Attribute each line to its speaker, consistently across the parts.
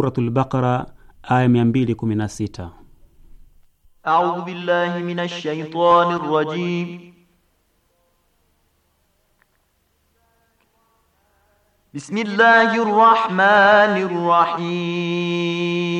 Speaker 1: Suratul Baqara aya mia mbili sita.
Speaker 2: A'udhu billahi minash shaitanir rajim. Bismillahir rahmanir rahim.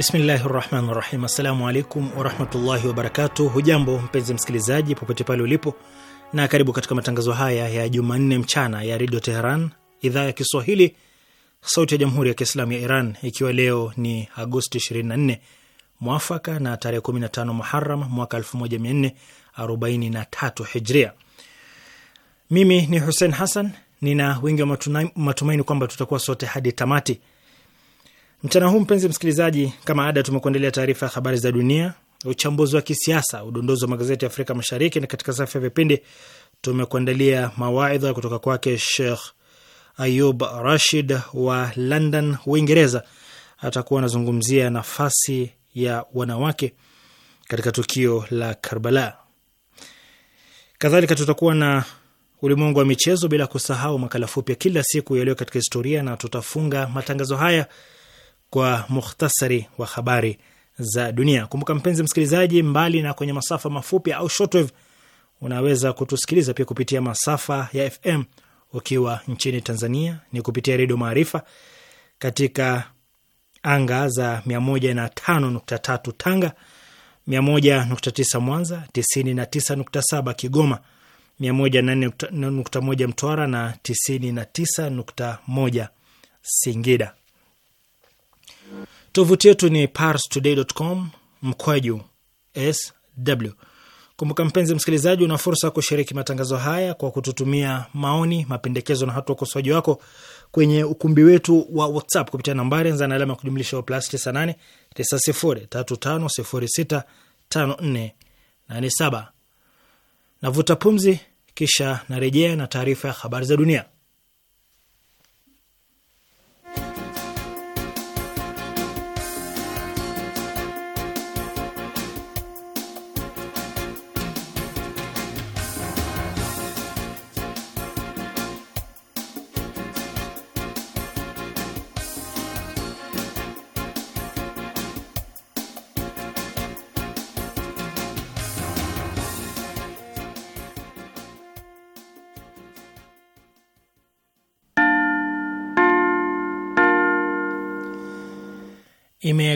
Speaker 1: Bismillahi rahmani rahim. Assalamu alaikum warahmatullahi wabarakatuh. Hujambo mpenzi msikilizaji, popote pale ulipo, na karibu katika matangazo haya ya Jumanne mchana ya redio Teheran, idhaa ya Kiswahili, sauti ya jamhuri ya kiislamu ya Iran, ikiwa leo ni Agosti 24 mwafaka na tarehe 15 Muharam mwaka 1443 Hijria. Mimi ni Hussein Hassan, nina wingi wa matumaini kwamba tutakuwa sote hadi tamati Mchana huu mpenzi msikilizaji, kama ada, tumekuendelea taarifa ya habari za dunia, uchambuzi wa kisiasa, udondozi wa magazeti ya Afrika Mashariki, na katika safu ya vipindi tumekuandalia mawaidha kutoka kwake Sheikh Ayub Rashid wa London, Uingereza. Atakuwa anazungumzia nafasi ya wanawake katika tukio la Karbala. Kadhalika tutakuwa na ulimwengu wa michezo, bila kusahau makala fupi ya kila siku yaliyo katika historia, na tutafunga matangazo haya kwa mukhtasari wa habari za dunia. Kumbuka mpenzi msikilizaji, mbali na kwenye masafa mafupi au shortwave, unaweza kutusikiliza pia kupitia masafa ya FM ukiwa nchini Tanzania ni kupitia Redio Maarifa katika anga za 105.3 Tanga, 101.9 Mwanza, 99.7 Kigoma, 104.1 Mtwara na 99.1 Singida. Tovuti yetu ni parstoday.com mkwaju sw. Kumbuka mpenzi msikilizaji, una fursa ya kushiriki matangazo haya kwa kututumia maoni, mapendekezo na hata ukosoaji wako kwenye ukumbi wetu wa WhatsApp kupitia nambari anza na alama ya kujumlisha wa plus 98 Navuta pumzi kisha narejea na taarifa ya habari za dunia.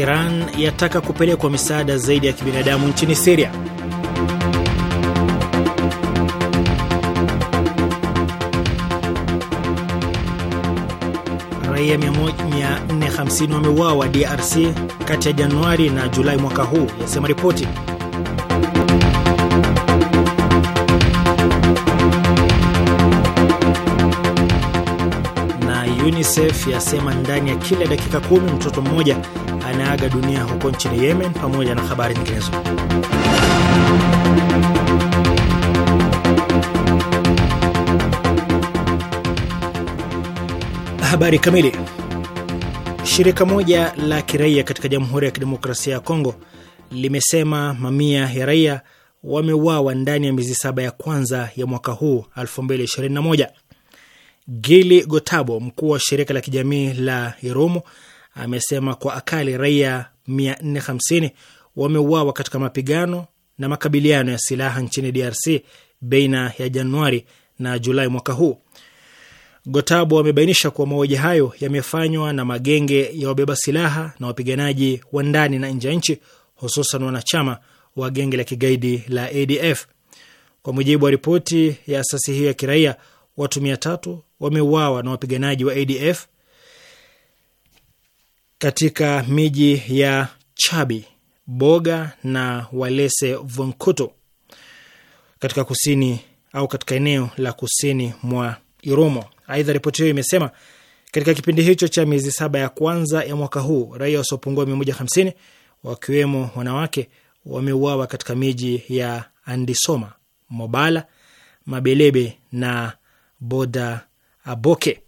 Speaker 1: Iran yataka kupelekwa misaada zaidi ya kibinadamu nchini Siria. Raia 450 wameuawa DRC kati ya Januari na Julai mwaka huu, yasema ripoti. UNICEF yasema ndani ya kila dakika kumi mtoto mmoja anaaga dunia huko nchini Yemen, pamoja na habari nyinginezo. Habari kamili. Shirika moja la kiraia katika Jamhuri ya Kidemokrasia ya Kongo limesema mamia ya raia wameuawa ndani ya miezi saba ya kwanza ya mwaka huu 2021. Gili Gotabo, mkuu wa shirika la kijamii la Irumu, amesema kwa akali raia 450 wameuawa katika mapigano na makabiliano ya silaha nchini DRC baina ya Januari na Julai mwaka huu. Gotabo amebainisha kuwa mauaji hayo yamefanywa na magenge ya wabeba silaha na wapiganaji wa ndani na nje ya nchi, hususan wanachama wa genge la kigaidi la ADF. Kwa mujibu wa ripoti ya asasi hiyo ya kiraia, watu mia tatu wameuawa na wapiganaji wa ADF katika miji ya Chabi, Boga na Walese Vonkuto katika kusini au katika eneo la kusini mwa Iromo. Aidha, ripoti hiyo imesema katika kipindi hicho cha miezi saba ya kwanza ya mwaka huu raia wasiopungua mia moja hamsini wakiwemo wanawake wameuawa katika miji ya Andisoma, Mobala, Mabelebe na Boda Aboke.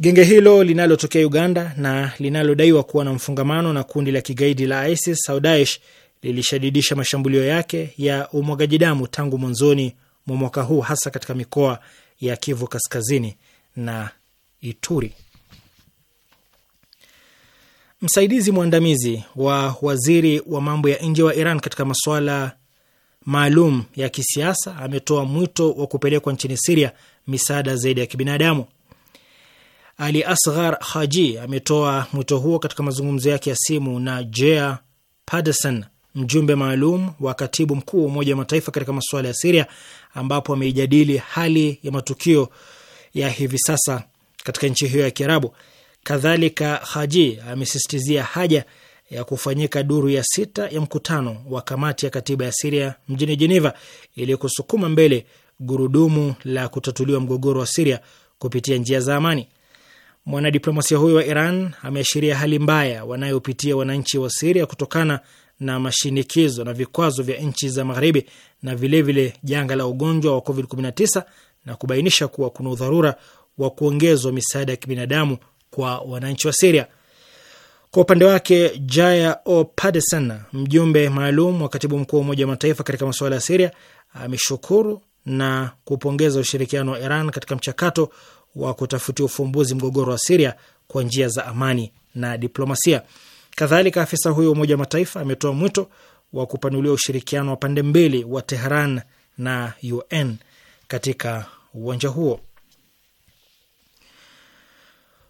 Speaker 1: Genge hilo linalotokea Uganda na linalodaiwa kuwa na mfungamano na kundi la kigaidi la ISIS au Daesh lilishadidisha mashambulio yake ya umwagaji damu tangu mwanzoni mwa mwaka huu hasa katika mikoa ya Kivu Kaskazini na Ituri. Msaidizi mwandamizi wa waziri wa mambo ya nje wa Iran katika masuala maalum ya kisiasa ametoa mwito wa kupelekwa nchini Siria misaada zaidi ya kibinadamu. Ali Asghar Haji ametoa mwito huo katika mazungumzo yake ya simu na Jea Paderson, mjumbe maalum wa katibu mkuu wa Umoja wa Mataifa katika masuala ya Siria, ambapo ameijadili hali ya matukio ya hivi sasa katika nchi hiyo ya Kiarabu. Kadhalika, Haji amesisitizia haja ya kufanyika duru ya sita ya mkutano wa kamati ya katiba ya Siria mjini Jeneva ili kusukuma mbele gurudumu la kutatuliwa mgogoro wa Siria kupitia njia za amani. Mwanadiplomasia huyo wa Iran ameashiria hali mbaya wanayopitia wananchi wa Siria kutokana na mashinikizo na vikwazo vya nchi za Magharibi na vilevile janga la ugonjwa wa COVID-19 na kubainisha kuwa kuna udharura wa kuongezwa misaada ya kibinadamu kwa wananchi wa Siria. Kwa upande wake, Jaya O Padesan, mjumbe maalum wa katibu mkuu wa Umoja wa Mataifa katika masuala ya Siria, ameshukuru na kupongeza ushirikiano wa Iran katika mchakato wa kutafutia ufumbuzi mgogoro wa Siria kwa njia za amani na diplomasia. Kadhalika, afisa huyo wa Umoja wa Mataifa ametoa mwito wa kupanulia ushirikiano wa pande mbili wa Tehran na UN katika uwanja huo.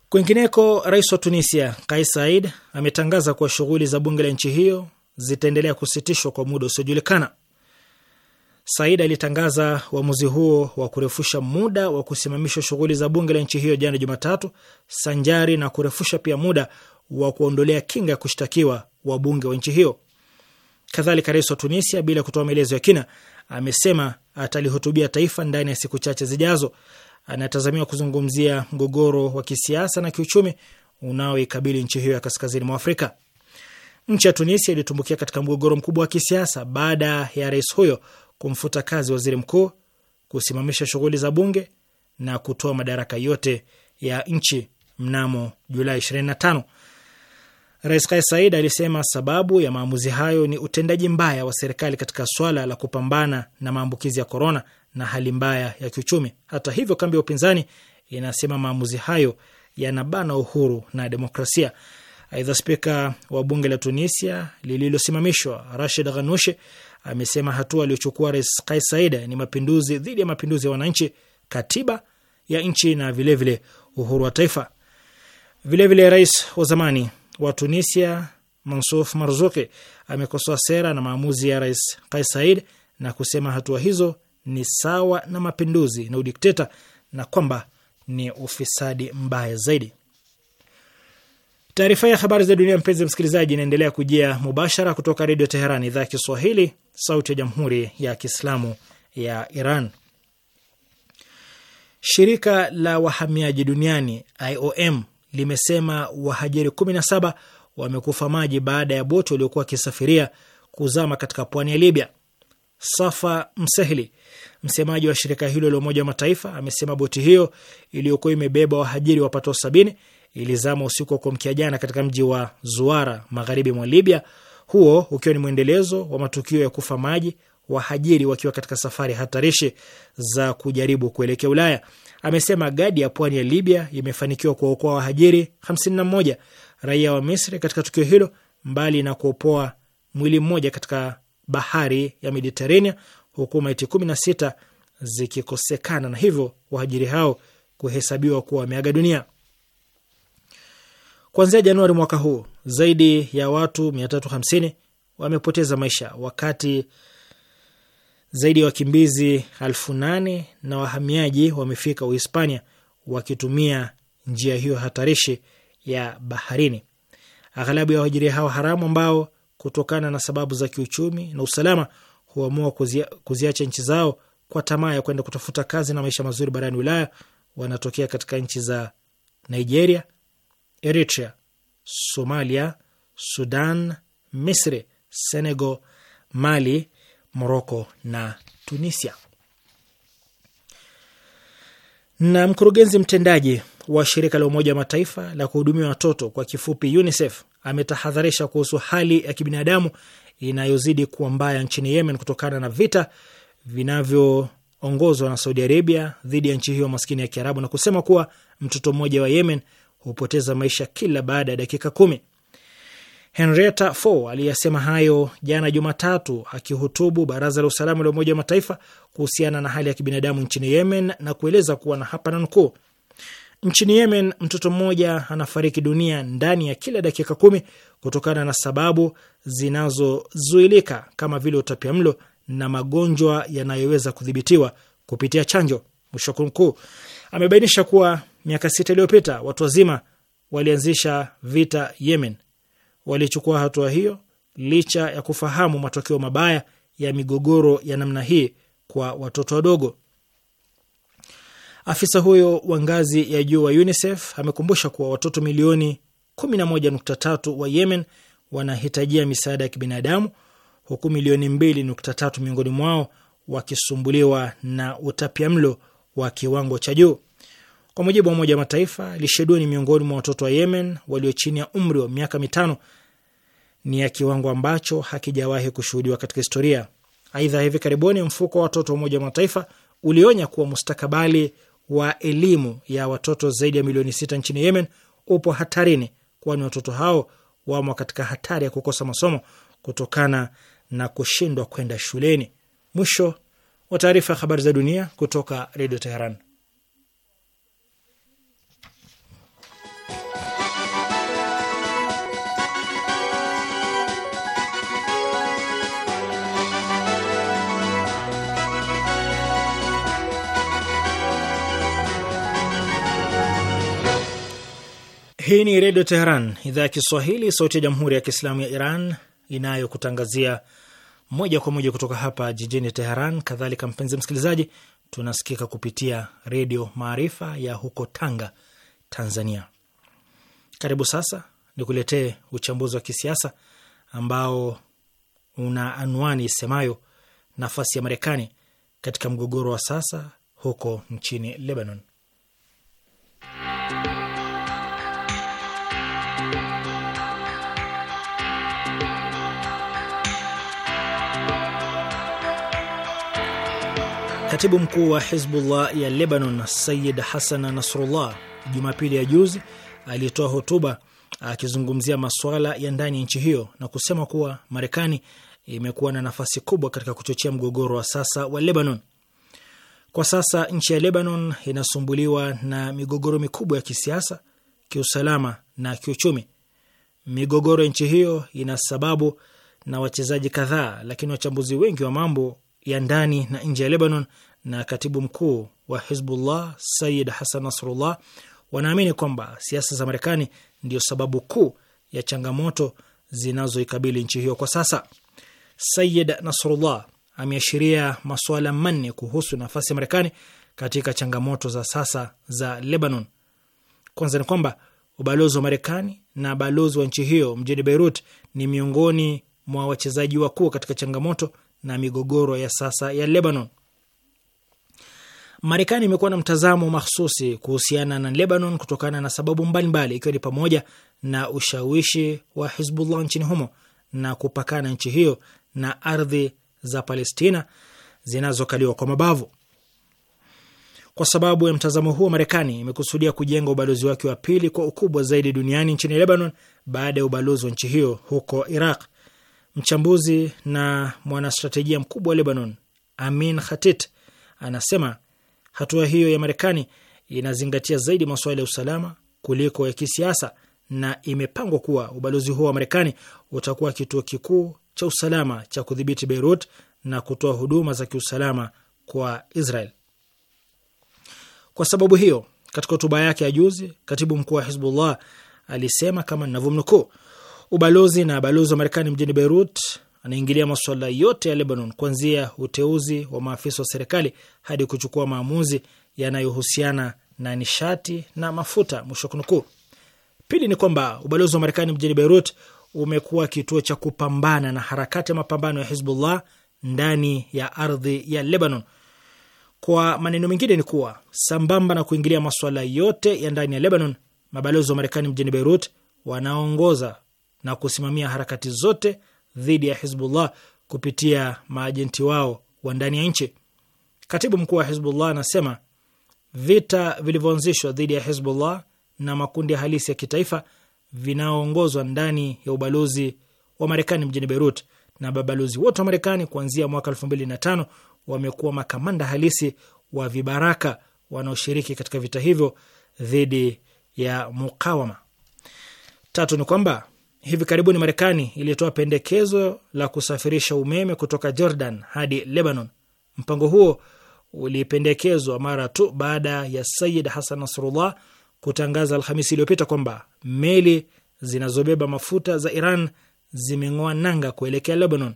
Speaker 1: Kwingineko, rais wa Tunisia Kais Saied ametangaza kuwa shughuli za bunge la nchi hiyo zitaendelea kusitishwa kwa muda usiojulikana. Said alitangaza uamuzi huo wa kurefusha muda wa kusimamishwa shughuli za bunge la nchi hiyo jana Jumatatu, sanjari na kurefusha pia muda wa kuondolea kinga ya kushtakiwa wabunge wa nchi hiyo. Kadhalika, rais wa Tunisia, bila kutoa maelezo ya kina, amesema atalihutubia taifa ndani ya siku chache zijazo. Anatazamiwa kuzungumzia mgogoro wa kisiasa na kiuchumi unaoikabili nchi hiyo ya kaskazini mwa Afrika. Nchi ya Tunisia ilitumbukia katika mgogoro mkubwa wa kisiasa baada ya rais huyo kumfuta kazi waziri mkuu, kusimamisha shughuli za bunge na kutoa madaraka yote ya nchi mnamo Julai 25. Rais Kais Said alisema sababu ya maamuzi hayo ni utendaji mbaya wa serikali katika swala la kupambana na maambukizi ya korona na hali mbaya ya kiuchumi. Hata hivyo, kambi ya upinzani inasema maamuzi hayo yanabana uhuru na demokrasia. Aidha, spika wa bunge la Tunisia lililosimamishwa Rashid Ghanushi amesema hatua aliyochukua Rais Kais Saied ni mapinduzi dhidi ya mapinduzi ya wananchi, katiba ya nchi na vilevile vile uhuru wa taifa. Vilevile vile rais wa zamani wa Tunisia mansuf Marzuki amekosoa sera na maamuzi ya Rais Kais Saied na kusema hatua hizo ni sawa na mapinduzi na udikteta na kwamba ni ufisadi mbaya zaidi. Taarifa ya habari za dunia, mpenzi msikilizaji, inaendelea kujia mubashara kutoka Redio Teheran, idhaa ya Kiswahili, sauti ya Jamhuri ya Kiislamu ya Iran. Shirika la wahamiaji duniani IOM limesema wahajiri 17 wamekufa maji baada ya boti waliokuwa wakisafiria kuzama katika pwani ya Libya. Safa Msehli, msemaji wa shirika hilo la Umoja wa Mataifa, amesema boti hiyo iliyokuwa imebeba wahajiri wapatao sabini ilizama usiku wa kuamkia jana katika mji wa Zuara magharibi mwa Libya, huo ukiwa ni mwendelezo wa matukio ya kufa maji wahajiri wakiwa katika safari hatarishi za kujaribu kuelekea Ulaya. Amesema gadi ya pwani ya Libya imefanikiwa kuwaokoa wahajiri 51 raia wa Misri katika tukio hilo, mbali na kuopoa mwili mmoja katika bahari ya Mediterania, huku maiti 16 zikikosekana na hivyo wahajiri hao kuhesabiwa kuwa wameaga dunia. Kuanzia Januari mwaka huu zaidi ya watu 350 wamepoteza maisha wakati zaidi ya wakimbizi elfu nane na wahamiaji wamefika Uhispania wakitumia njia hiyo hatarishi ya baharini. Aghalabu ya wahijiria hao haramu ambao kutokana na sababu za kiuchumi na usalama huamua kuzia, kuziacha nchi zao kwa tamaa ya kwenda kutafuta kazi na maisha mazuri barani Ulaya wanatokea katika nchi za Nigeria, Eritrea, Somalia, Sudan, Misri, Senegal, Mali, Morocco na Tunisia. Na mkurugenzi mtendaji wa shirika la Umoja wa Mataifa la kuhudumia watoto kwa kifupi UNICEF ametahadharisha kuhusu hali ya kibinadamu inayozidi kuwa mbaya nchini Yemen kutokana na vita vinavyoongozwa na Saudi Arabia dhidi ya nchi hiyo maskini ya Kiarabu na kusema kuwa mtoto mmoja wa Yemen hupoteza maisha kila baada ya dakika kumi. Henrietta Fore aliyasema hayo jana Jumatatu akihutubu Baraza la Usalama la Umoja wa Mataifa kuhusiana na hali ya kibinadamu nchini Yemen na kueleza kuwa na hapa na nukuu, nchini Yemen mtoto mmoja anafariki dunia ndani ya kila dakika kumi kutokana na sababu zinazozuilika kama vile utapia mlo na magonjwa yanayoweza kudhibitiwa kupitia chanjo, mwisho mkuu. Amebainisha kuwa miaka sita iliyopita watu wazima walianzisha vita Yemen. Walichukua hatua hiyo licha ya kufahamu matokeo mabaya ya migogoro ya namna hii kwa watoto wadogo. Afisa huyo wa ngazi ya juu wa UNICEF amekumbusha kuwa watoto milioni 11.3 wa Yemen wanahitajia misaada ya kibinadamu huku milioni 2.3 miongoni mwao wakisumbuliwa na utapia mlo wa kiwango cha juu. Kwa mujibu wa Umoja wa Mataifa, lishe duni miongoni mwa watoto wa Yemen walio chini ya umri wa miaka mitano ni ya kiwango ambacho hakijawahi kushuhudiwa katika historia. Aidha, hivi karibuni mfuko wa watoto wa Umoja wa Mataifa ulionya kuwa mustakabali wa elimu ya watoto zaidi ya milioni sita nchini Yemen upo hatarini, kwani watoto hao wamo katika hatari ya kukosa masomo kutokana na kushindwa kwenda shuleni. Mwisho wa taarifa ya habari za dunia kutoka Redio Teheran. Hii ni Redio Teheran, idhaa ya Kiswahili, sauti ya Jamhuri ya Kiislamu ya Iran inayokutangazia moja kwa moja kutoka hapa jijini Teheran. Kadhalika mpenzi msikilizaji, tunasikika kupitia Redio Maarifa ya huko Tanga, Tanzania. Karibu sasa nikuletee uchambuzi wa kisiasa ambao una anwani isemayo nafasi ya Marekani katika mgogoro wa sasa huko nchini Lebanon. Katibu mkuu wa Hizbullah ya Lebanon Sayid Hasan Nasrullah Jumapili ya juzi alitoa hotuba akizungumzia masuala ya ndani ya nchi hiyo na kusema kuwa Marekani imekuwa na nafasi kubwa katika kuchochea mgogoro wa sasa wa Lebanon. Kwa sasa nchi ya Lebanon inasumbuliwa na migogoro mikubwa ya kisiasa, kiusalama na kiuchumi. Migogoro ya nchi hiyo ina sababu na wachezaji kadhaa, lakini wachambuzi wengi wa mambo ya ndani na nje ya Lebanon na katibu mkuu wa Hizbullah Sayid Hasan Nasrullah wanaamini kwamba siasa za Marekani ndio sababu kuu ya changamoto zinazoikabili nchi hiyo kwa sasa. Sayid Nasrullah ameashiria masuala manne kuhusu nafasi ya Marekani katika changamoto za sasa za Lebanon. Kwanza ni kwamba ubalozi wa Marekani na balozi wa nchi hiyo mjini Beirut ni miongoni mwa wachezaji wakuu katika changamoto na migogoro ya sasa ya Lebanon. Marekani imekuwa na mtazamo mahsusi kuhusiana na Lebanon kutokana na sababu mbalimbali, ikiwa ni pamoja na ushawishi wa Hizbullah nchini humo na kupakana nchi hiyo na ardhi za Palestina zinazokaliwa kwa mabavu. Kwa sababu ya mtazamo huo, Marekani imekusudia kujenga ubalozi wake wa pili kwa ukubwa zaidi duniani nchini Lebanon baada ya ubalozi wa nchi hiyo huko Iraq. Mchambuzi na mwanastrategia mkubwa wa Lebanon Amin Khatit anasema Hatua hiyo ya Marekani inazingatia zaidi masuala ya usalama kuliko ya kisiasa na imepangwa kuwa ubalozi huo wa Marekani utakuwa kituo kikuu cha usalama cha kudhibiti Beirut na kutoa huduma za kiusalama kwa Israel. Kwa sababu hiyo, katika hotuba yake ya juzi, katibu mkuu wa Hizbullah alisema kama ninavyomnukuu, ubalozi na balozi wa Marekani mjini Beirut anaingilia masuala yote ya Lebanon, kuanzia uteuzi wa maafisa wa serikali hadi kuchukua maamuzi yanayohusiana na nishati na mafuta, mwisho kunukuu. Pili ni kwamba ubalozi wa Marekani mjini Beirut umekuwa kituo cha kupambana na harakati ya mapambano ya Hizbullah ndani ya ardhi ya Lebanon. Kwa maneno mengine ni kuwa sambamba na kuingilia masuala yote ya ndani ya Lebanon, mabalozi wa Marekani mjini Beirut wanaongoza na kusimamia harakati zote dhidi ya Hizbullah kupitia maajenti wao wa ndani ya nchi. Katibu mkuu wa Hizbullah anasema vita vilivyoanzishwa dhidi ya Hizbullah na makundi ya halisi ya kitaifa vinaoongozwa ndani ya ubalozi wa Marekani mjini Beirut na mabalozi wote wa Marekani kuanzia mwaka elfu mbili na tano wamekuwa makamanda halisi wa vibaraka wanaoshiriki katika vita hivyo dhidi ya mukawama. Tatu ni kwamba hivi karibuni Marekani ilitoa pendekezo la kusafirisha umeme kutoka Jordan hadi Lebanon. Mpango huo ulipendekezwa mara tu baada ya Sayid Hasan Nasrullah kutangaza Alhamisi iliyopita kwamba meli zinazobeba mafuta za Iran zimeng'oa nanga kuelekea Lebanon.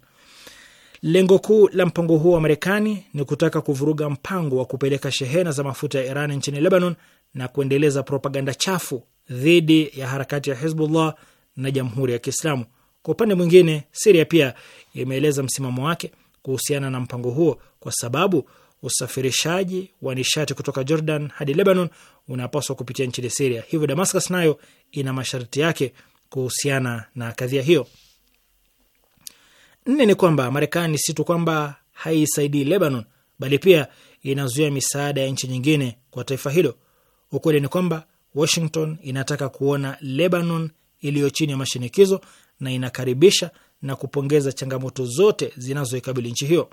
Speaker 1: Lengo kuu la mpango huo wa Marekani ni kutaka kuvuruga mpango wa kupeleka shehena za mafuta ya Iran nchini Lebanon na kuendeleza propaganda chafu dhidi ya harakati ya Hizbullah na Jamhuri ya Kiislamu. Kwa upande mwingine, Siria pia imeeleza msimamo wake kuhusiana na mpango huo kwa sababu usafirishaji wa nishati kutoka Jordan hadi Lebanon unapaswa kupitia nchini Siria. Hivyo Damascus nayo ina masharti yake kuhusiana na kadhia hiyo. Nne ni kwamba Marekani si tu kwamba haisaidii Lebanon, bali pia inazuia misaada ya nchi nyingine kwa taifa hilo. Ukweli ni kwamba Washington inataka kuona Lebanon iliyo chini ya mashinikizo na inakaribisha na kupongeza changamoto zote zinazoikabili nchi hiyo.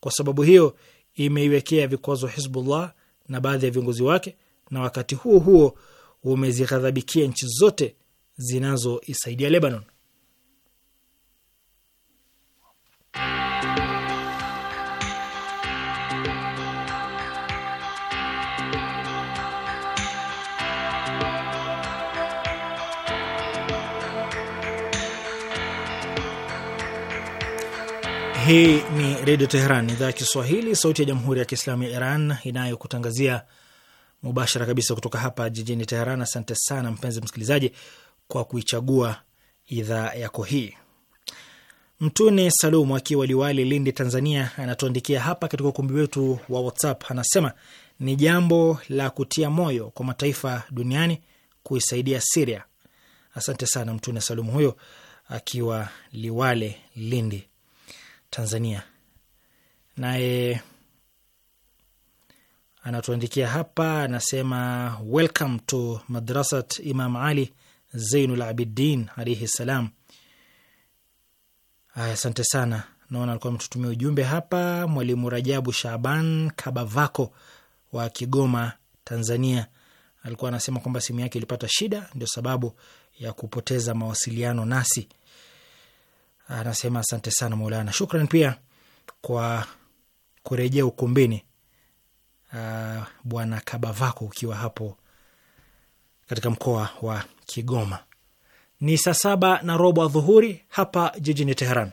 Speaker 1: Kwa sababu hiyo, imeiwekea vikwazo Hizbullah na baadhi ya viongozi wake, na wakati huo huo umezighadhabikia nchi zote zinazoisaidia Lebanon. Hii ni Redio Teheran, idhaa ya Kiswahili, sauti ya Jamhuri ya Kiislamu ya Iran inayokutangazia mubashara kabisa kutoka hapa jijini Teheran. Asante sana mpenzi msikilizaji kwa kuichagua idhaa yako hii. Mtune Salum akiwa Liwali, Lindi, Tanzania, anatuandikia hapa katika ukumbi wetu wa WhatsApp. Anasema ni jambo la kutia moyo kwa mataifa duniani kuisaidia Siria. Asante sana Mtune Salum huyo akiwa Liwale, Lindi, Tanzania. Naye anatuandikia hapa, anasema welcome to madrasat Imam Ali Zainul Abidin alaihi ssalam Aya, asante sana. Naona alikuwa ametutumia ujumbe hapa. Mwalimu Rajabu Shaban Kabavako wa Kigoma, Tanzania, alikuwa anasema kwamba simu yake ilipata shida, ndio sababu ya kupoteza mawasiliano nasi. Anasema asante sana Maulana, shukran pia kwa kurejea ukumbini, uh, Bwana Kabavako, ukiwa hapo katika mkoa wa Kigoma. Ni saa saba na robo adhuhuri hapa jijini Teheran.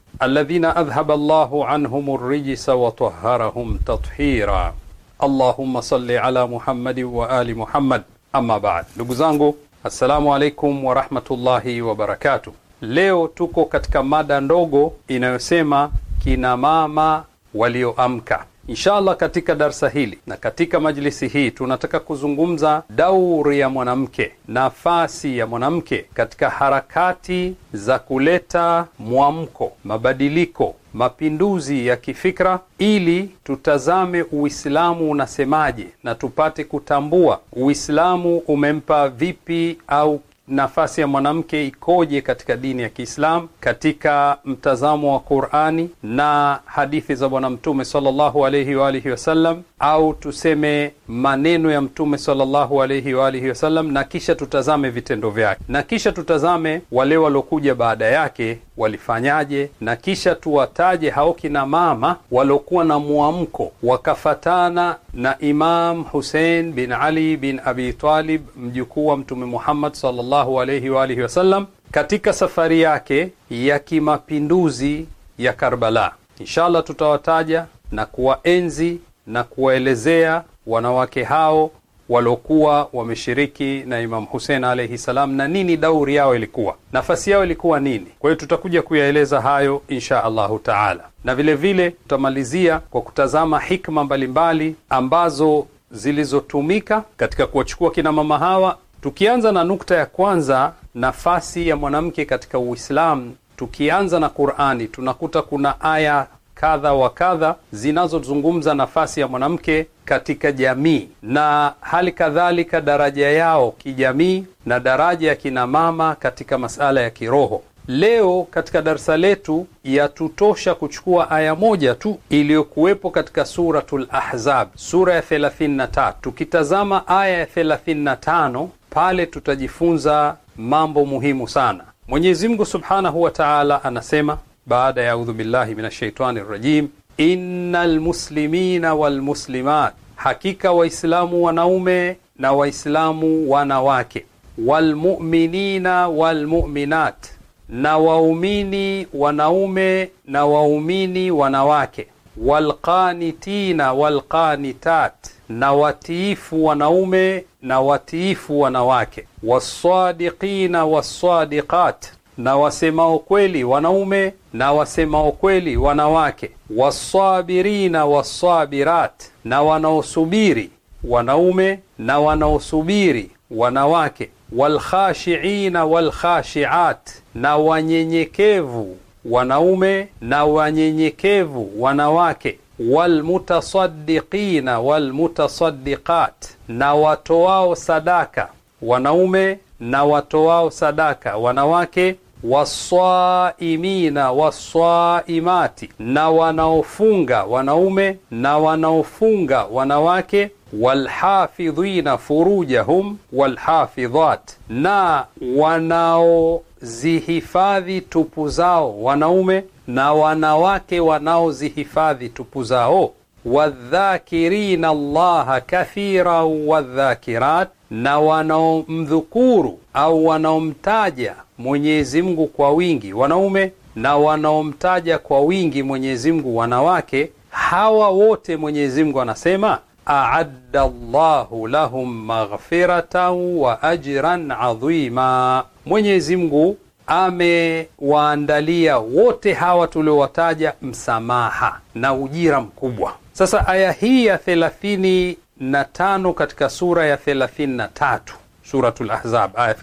Speaker 3: alladhina adhhaba Allahu anhum ar-rijsa wa tahharahum tathira. Allahumma salli ala Muhammadin wa ali Muhammad. Amma baad, ndugu zangu, assalamu alaikum wa rahmatullahi wa barakatuh. Leo tuko katika mada ndogo inayosema kina mama walioamka inshaallah katika darsa hili na katika majlisi hii tunataka kuzungumza dauri ya mwanamke, nafasi ya mwanamke katika harakati za kuleta mwamko, mabadiliko mapinduzi ya kifikra ili tutazame Uislamu unasemaje na tupate kutambua Uislamu umempa vipi au nafasi ya mwanamke ikoje katika dini ya Kiislamu katika mtazamo wa Qur'ani na hadithi za Bwana Mtume sallallahu alayhi wa alihi wasallam au tuseme maneno ya Mtume sallallahu alaihi wa alihi wasallam, na kisha tutazame vitendo vyake, na kisha tutazame wale waliokuja baada yake walifanyaje, na kisha tuwataje hao kina mama waliokuwa na mwamko wakafatana na Imam Husein bin Ali bin Abi Talib, mjukuu wa Mtume Muhammad sallallahu alaihi wa alihi wasallam, katika safari yake ya kimapinduzi ya Karbala. Inshallah tutawataja na kuwaenzi na kuwaelezea wanawake hao waliokuwa wameshiriki na Imam husen alaihi salam, na nini dauri yao ilikuwa, nafasi yao ilikuwa nini. Kwa hiyo tutakuja kuyaeleza hayo insha Allahu taala, na vilevile vile tutamalizia kwa kutazama hikma mbalimbali mbali ambazo zilizotumika katika kuwachukua kina mama hawa, tukianza na nukta ya kwanza, nafasi ya mwanamke katika Uislamu. Tukianza na Qur'ani tunakuta kuna aya kadha wa kadha zinazozungumza nafasi ya mwanamke katika jamii na hali kadhalika daraja yao kijamii na daraja ya kinamama katika masala ya kiroho. Leo katika darsa letu yatutosha kuchukua aya moja tu iliyokuwepo katika Suratul Ahzab, sura ya 33. Tukitazama aya ya 35 pale tutajifunza mambo muhimu sana. Mwenyezi Mungu subhanahu wa taala anasema baada ya audhu billahi min shaitani rajim, inna lmuslimina walmuslimat, hakika Waislamu wanaume na Waislamu wanawake, walmuminina walmuminat, na waumini wanaume na waumini wanawake, walqanitina walqanitat na watiifu wanaume na watiifu wanawake, wassadiqina wassadiqat na wasemao kweli wanaume na wasemao kweli wanawake, wasabirina wasabirat, na wanaosubiri wanaume na wanaosubiri wanawake, walkhashiina walkhashiat, na wanyenyekevu wanaume na wanyenyekevu wanawake, walmutasaddiqina walmutasaddiqat, na watoao sadaka wanaume na watoao sadaka wanawake wasaimina wasaimati, na wanaofunga wanaume na wanaofunga wanawake, walhafidhina furujahum walhafidhat, na wanaozihifadhi tupu zao wanaume na wanawake wanaozihifadhi tupu zao, wadhakirina llaha kathira wadhakirat, na wanaomdhukuru au wanaomtaja Mwenyezi Mungu kwa wingi wanaume na wanaomtaja kwa wingi Mwenyezi Mungu wanawake, hawa wote Mwenyezi Mungu anasema aadda Allahu lahum maghfiratan wa ajran adhima, Mwenyezi Mungu amewaandalia wote hawa tuliowataja msamaha na ujira mkubwa. Sasa aya hii ya 35 katika sura ya 33 Suratul Ahzab aya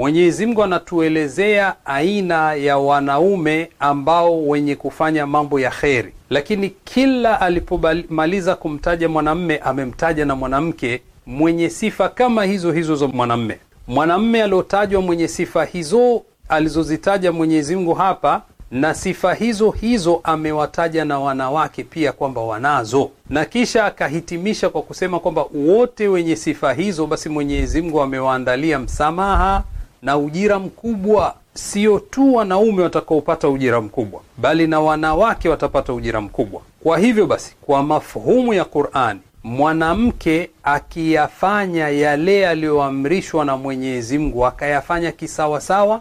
Speaker 3: Mwenyezi Mungu anatuelezea aina ya wanaume ambao wenye kufanya mambo ya kheri, lakini kila alipomaliza kumtaja mwanamme amemtaja na mwanamke mwenye sifa kama hizo hizo za mwanamme. Mwanamme aliotajwa mwenye sifa hizo alizozitaja Mwenyezi Mungu hapa na sifa hizo hizo amewataja na wanawake pia kwamba wanazo, na kisha akahitimisha kwa kusema kwamba wote wenye sifa hizo, basi Mwenyezi Mungu amewaandalia msamaha na ujira mkubwa. Sio tu wanaume watakaopata ujira mkubwa, bali na wanawake watapata ujira mkubwa. Kwa hivyo basi, kwa mafhumu ya Qur'ani, mwanamke akiyafanya yale aliyoamrishwa na Mwenyezi Mungu akayafanya kisawasawa,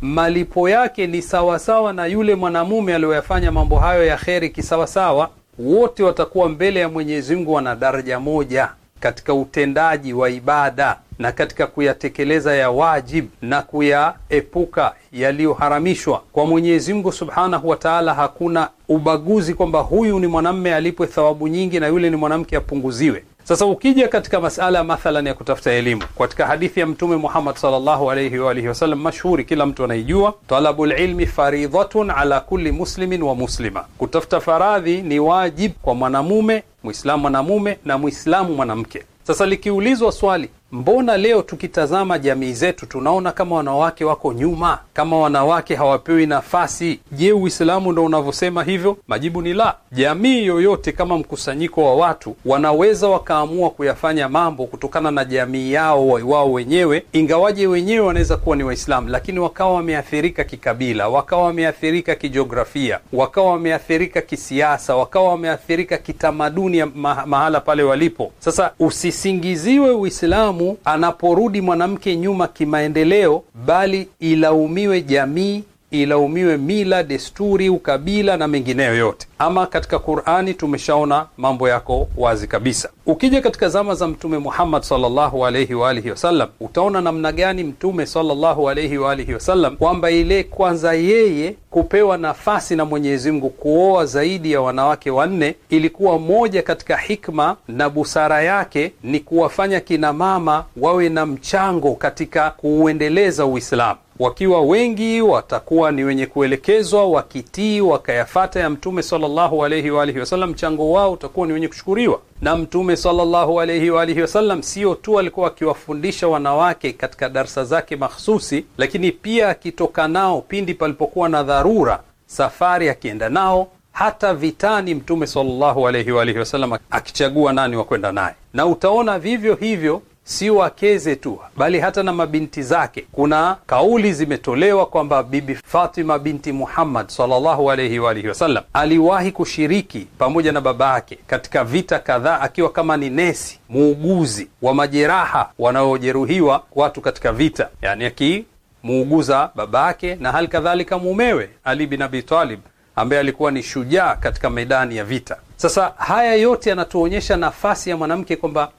Speaker 3: malipo yake ni sawasawa na yule mwanamume aliyoyafanya mambo hayo ya kheri kisawasawa. Wote watakuwa mbele ya Mwenyezi Mungu wana daraja moja katika utendaji wa ibada na katika kuyatekeleza ya wajib na kuyaepuka yaliyoharamishwa. Kwa Mwenyezi Mungu subhanahu wa taala hakuna ubaguzi kwamba huyu ni mwanamme alipwe thawabu nyingi na yule ni mwanamke apunguziwe. Sasa ukija katika masala mathalan ya kutafuta elimu katika hadithi ya Mtume Muhammad sallallahu alayhi wa alihi wasallam mashhuri, kila mtu anaijua, talabul ilmi faridhatun ala kulli muslimin wa muslima, kutafuta faradhi ni wajib kwa mwanamume Muislamu mwanamume na Muislamu mwanamke. Sasa likiulizwa swali Mbona leo tukitazama jamii zetu tunaona kama wanawake wako nyuma, kama wanawake hawapewi nafasi? Je, Uislamu ndo unavyosema hivyo? Majibu ni la. Jamii yoyote kama mkusanyiko wa watu wanaweza wakaamua kuyafanya mambo kutokana na jamii yao wao wenyewe, ingawaje wenyewe wanaweza kuwa ni Waislamu, lakini wakawa wameathirika kikabila, wakawa wameathirika kijiografia, wakawa wameathirika kisiasa, wakawa wameathirika kitamaduni ya mahala pale walipo. Sasa usisingiziwe Uislamu Uislamu anaporudi mwanamke nyuma kimaendeleo, bali ilaumiwe jamii ilaumiwe mila, desturi, ukabila na mengineyo yote. Ama katika Qur'ani tumeshaona mambo yako wazi kabisa. Ukija katika zama za Mtume Muhammad sallallahu wa alihi wasallam, utaona namna gani Mtume sallallahu wa alihi wasallam kwamba ile kwanza yeye kupewa nafasi na Mwenyezi Mungu kuoa zaidi ya wanawake wanne ilikuwa moja katika hikma na busara yake ni kuwafanya kinamama wawe na mchango katika kuuendeleza Uislamu wakiwa wengi watakuwa ni wenye kuelekezwa, wakitii wakayafata ya Mtume sallallahu alaihi wa alihi wasallam, mchango wao utakuwa ni wenye kushukuriwa. Na Mtume sallallahu alaihi wa alihi wasallam sio tu alikuwa akiwafundisha wanawake katika darsa zake mahsusi, lakini pia akitoka nao pindi palipokuwa na dharura, safari akienda nao hata vitani. Mtume sallallahu alaihi wa alihi wasallam akichagua nani wa kwenda naye, na utaona vivyo hivyo si wakeze tu, bali hata na mabinti zake. Kuna kauli zimetolewa kwamba Bibi Fatima binti Muhammad sallallahu alayhi wa alihi wasallam aliwahi kushiriki pamoja na baba yake katika vita kadhaa, akiwa kama ni nesi muuguzi wa majeraha wanaojeruhiwa watu katika vita, yani akimuuguza baba yake na hali kadhalika mumewe Ali bin Abi Talib ambaye alikuwa ni shujaa katika medani ya vita. Sasa haya yote yanatuonyesha nafasi ya mwanamke kwamba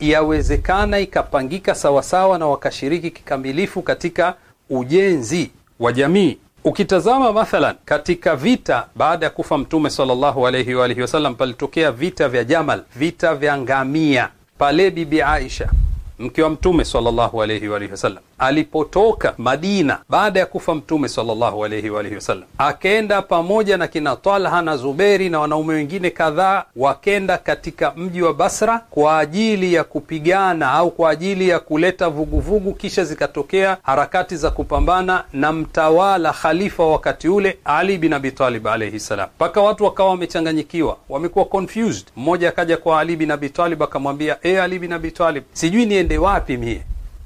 Speaker 3: yawezekana ikapangika sawasawa na wakashiriki kikamilifu katika ujenzi wa jamii. Ukitazama mathalan katika vita baada ya kufa Mtume sallallahu alayhi wa alihi wasallam, palitokea vita vya Jamal, vita vya ngamia. Pale Bibi Aisha mke wa Mtume sallallahu alayhi wa alihi wasallam alipotoka Madina baada ya kufa Mtume sallallahu alayhi wa alihi wasallam, akenda pamoja na kina Talha na Zuberi na wanaume wengine kadhaa, wakenda katika mji wa Basra kwa ajili ya kupigana au kwa ajili ya kuleta vuguvugu vugu, kisha zikatokea harakati za kupambana na mtawala khalifa wakati ule Ali bin Abi Talib alayhi salam, mpaka watu wakawa wamechanganyikiwa, wamekuwa confused. Mmoja akaja kwa Ali bin Abi Talib akamwambia, e Ali bin Abi Talib, sijui niende wapi mie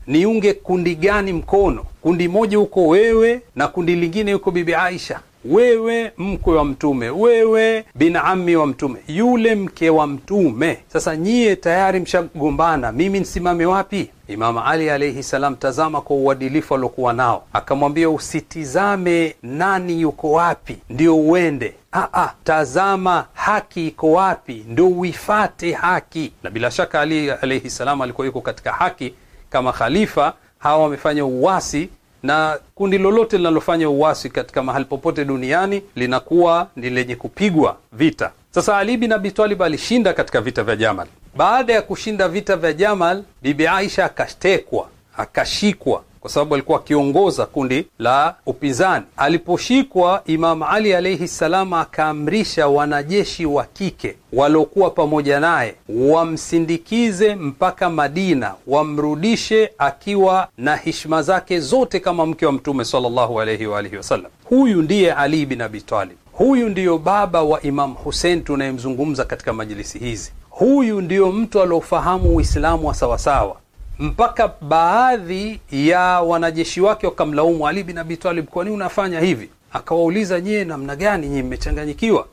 Speaker 3: niunge kundi gani mkono? Kundi moja huko wewe na kundi lingine huko Bibi Aisha, wewe mkwe wa Mtume, wewe binami wa Mtume, yule mke wa Mtume. Sasa nyie tayari mshagombana, mimi nsimame wapi? Imamu Ali alaihi salam, tazama kwa uadilifu aliokuwa nao, akamwambia usitizame nani yuko wapi ndio uende Aa, ah, ah, tazama haki iko wapi, ndo uifate haki. Na bila shaka Ali alaihi salam alikuwa yuko katika haki kama khalifa, hawa wamefanya uwasi, na kundi lolote linalofanya uwasi katika mahali popote duniani linakuwa ni lenye kupigwa vita. Sasa Ali bin Abi Talib alishinda katika vita vya Jamal. Baada ya kushinda vita vya Jamal, Bibi Aisha akashtekwa, akashikwa kwa sababu alikuwa akiongoza kundi la upinzani. Aliposhikwa, Imam Ali alaihi ssalam akaamrisha wanajeshi wa kike waliokuwa pamoja naye wamsindikize mpaka Madina, wamrudishe akiwa na hishma zake zote kama mke wa Mtume sallallahu alaihi wa alihi wasallam. Huyu ndiye Ali bin Abi Talib. Huyu ndiyo baba wa Imam Husein tunayemzungumza katika majilisi hizi. Huyu ndiyo mtu aliofahamu Uislamu wa sawasawa mpaka baadhi ya wanajeshi wake wakamlaumu Ali bin Abi Talib, kwa nini unafanya hivi? Akawauliza, nyie namna gani? Nyie mmechanganyikiwa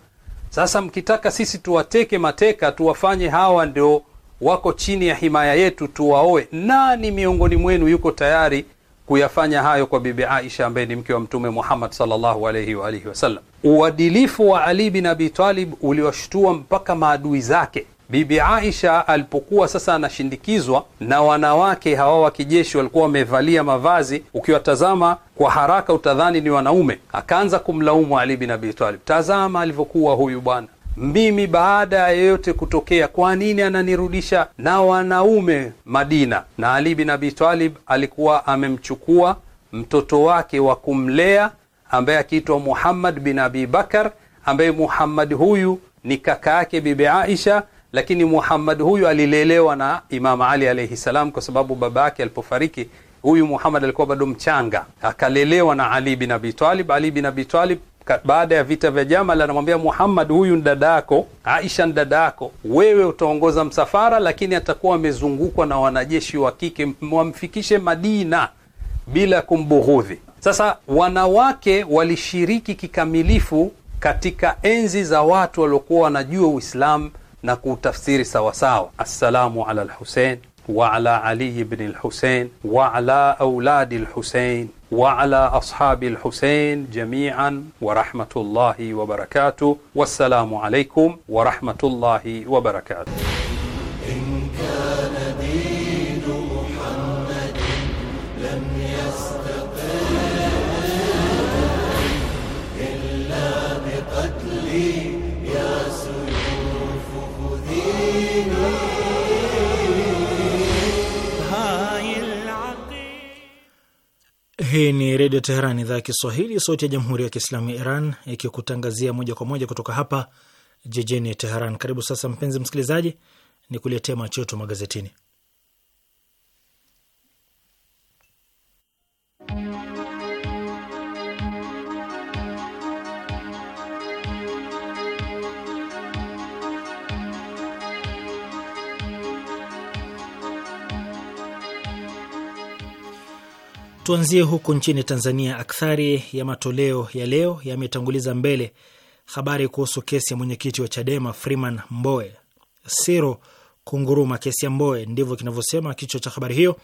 Speaker 3: sasa, mkitaka sisi tuwateke mateka, tuwafanye hawa ndio wako chini ya himaya yetu, tuwaoe, nani miongoni mwenu yuko tayari kuyafanya hayo kwa Bibi Aisha ambaye ni mke wa Mtume Muhammad sallallahu wa alihi wasallam? Uadilifu wa Ali bin Abi Talib uliwashtua mpaka maadui zake. Bibi Aisha alipokuwa sasa anashindikizwa na wanawake hawa wa kijeshi, walikuwa wamevalia mavazi, ukiwatazama kwa haraka utadhani ni wanaume. Akaanza kumlaumu Ali bin Abi Talib, tazama alivyokuwa huyu bwana mimi baada ya yeyote kutokea, kwa nini ananirudisha na wanaume Madina? Na Ali bin Abi Talib alikuwa amemchukua mtoto wake wa kumlea ambaye akiitwa Muhammad bin Abi Bakar, ambaye Muhammad huyu ni kaka yake Bibi Aisha lakini Muhammad huyu alilelewa na Imam Ali alaihi salam, kwa sababu baba yake alipofariki huyu Muhammad alikuwa bado mchanga, akalelewa na Ali bin Abi Talib. Ali bin Abi Talib baada ya vita vya Jamal anamwambia Muhammad, huyu ni dadako Aisha, ni dadako wewe, utaongoza msafara, lakini atakuwa amezungukwa na wanajeshi wa kike, wamfikishe Madina bila kumbughudhi. Sasa wanawake walishiriki kikamilifu katika enzi za watu waliokuwa wanajua Uislamu na kuutafsiri sawasawa. Assalamu ala lhusein wa ala aliyi bni lhusein wa ala auladi lhusein wa ala ashabi lhusein jamian warahmatullahi wabarakatuh. Wassalamu alaikum warahmatullahi wabarakatuh.
Speaker 1: Hii ni Redio Teheran, idhaa ya Kiswahili, sauti ya Jamhuri ya Kiislamu ya Iran, ikikutangazia moja kwa moja kutoka hapa jijini Teheran. Karibu sasa, mpenzi msikilizaji, ni kuletea macho yetu magazetini. Tuanzie huko nchini Tanzania. Akthari ya matoleo ya leo yametanguliza mbele habari kuhusu kesi ya mwenyekiti wa Chadema Freeman Mbowe. Siro kunguruma kesi ya Mbowe, ndivyo kinavyosema kichwa cha habari hiyo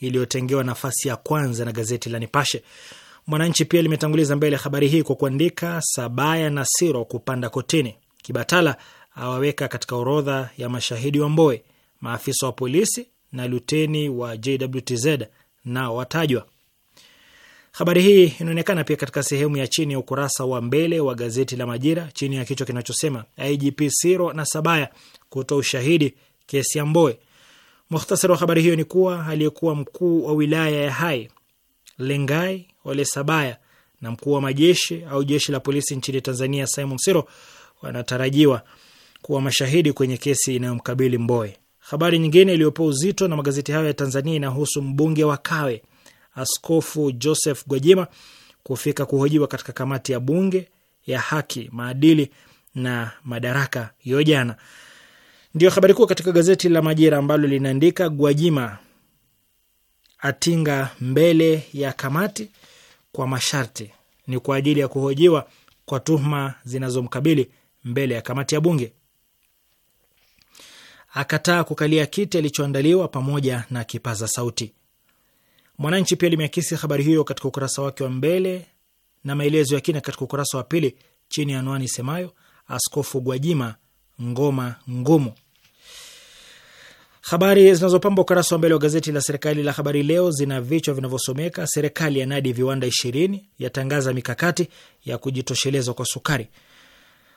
Speaker 1: iliyotengewa nafasi ya kwanza na gazeti la Nipashe. Mwananchi pia limetanguliza mbele habari hii kwa kuandika Sabaya na Siro kupanda kotini, Kibatala awaweka katika orodha ya mashahidi wa Mbowe, maafisa wa polisi na luteni wa JWTZ nao watajwa. Habari hii inaonekana pia katika sehemu ya chini ya ukurasa wa mbele wa gazeti la Majira chini ya kichwa kinachosema IGP Siro na Sabaya kutoa ushahidi kesi ya Mboe. Muhtasari wa habari hiyo ni kuwa aliyekuwa mkuu wa wilaya ya Hai Lengai Ole Sabaya na mkuu wa majeshi au jeshi la polisi nchini Tanzania Simon Siro wanatarajiwa kuwa mashahidi kwenye kesi inayomkabili Mboe. Habari nyingine iliyopewa uzito na magazeti hayo ya Tanzania inahusu mbunge wa Kawe Askofu Joseph Gwajima kufika kuhojiwa katika kamati ya bunge ya haki, maadili na madaraka hiyo jana. Ndio habari kuu katika gazeti la Majira ambalo linaandika Gwajima atinga mbele ya kamati kwa masharti, ni kwa ajili ya kuhojiwa kwa tuhuma zinazomkabili mbele ya kamati ya bunge. Akataa kukalia kiti alichoandaliwa pamoja na kipaza sauti. Mwananchi pia limeakisi habari hiyo katika ukurasa wake wa mbele na maelezo ya kina katika ukurasa wa pili chini ya anwani semayo Askofu Gwajima ngoma ngumu. Habari zinazopamba ukurasa wa mbele wa gazeti la serikali la Habari Leo zina vichwa vinavyosomeka: serikali ya nadi viwanda ishirini, yatangaza mikakati ya kujitosheleza kwa sukari;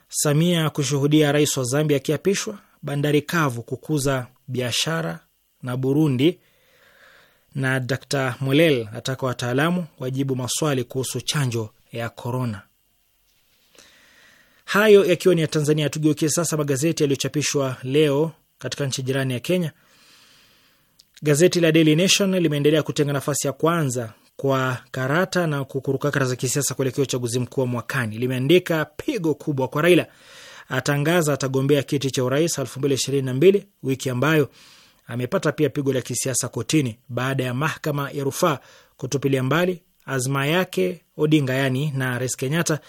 Speaker 1: Samia kushuhudia rais wa Zambia akiapishwa; bandari kavu kukuza biashara; na Burundi na Dr Mwelel ataka wataalamu wajibu maswali kuhusu chanjo ya korona. Hayo yakiwa ni ya Tanzania. Tugeukie sasa magazeti yaliyochapishwa leo katika nchi jirani ya Kenya. Gazeti la Daily Nation limeendelea kutenga nafasi ya kwanza kwa karata na kukurukakara za kisiasa kuelekea uchaguzi mkuu wa mwakani. Limeandika pigo kubwa kwa Raila, atangaza atagombea kiti cha urais 2022 wiki ambayo amepata pia pigo la kisiasa kotini baada ya mahakama ya rufaa kutupilia mbali azma yake Odinga yani na Rais Kenyatta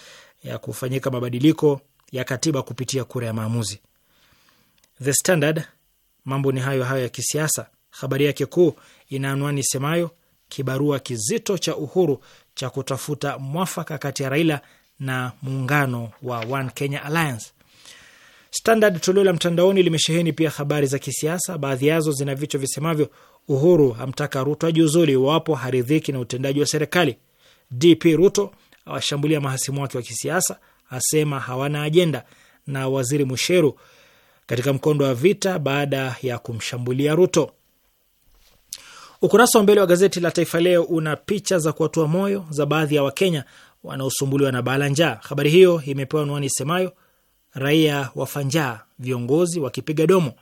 Speaker 1: ya kufanyika mabadiliko ya katiba kupitia kura ya maamuzi. The Standard, mambo ni hayo hayo ya kisiasa. Habari yake kuu ina anwani semayo kibarua kizito cha Uhuru cha kutafuta mwafaka kati ya Raila na muungano wa One Kenya Alliance. Standard toleo la mtandaoni limesheheni pia habari za kisiasa, baadhi yazo zina vichwa visemavyo: Uhuru amtaka Ruto ajiuzuli iwapo haridhiki na utendaji wa serikali; DP Ruto awashambulia mahasimu wake wa kisiasa, asema hawana ajenda; na waziri Musheru katika mkondo wa vita baada ya kumshambulia Ruto. Ukurasa wa mbele wa gazeti la Taifa Leo una picha za kuwatua moyo za baadhi ya Wakenya wanaosumbuliwa na balaa njaa. Habari hiyo imepewa anwani isemayo raia wafa njaa, viongozi wakipiga domo.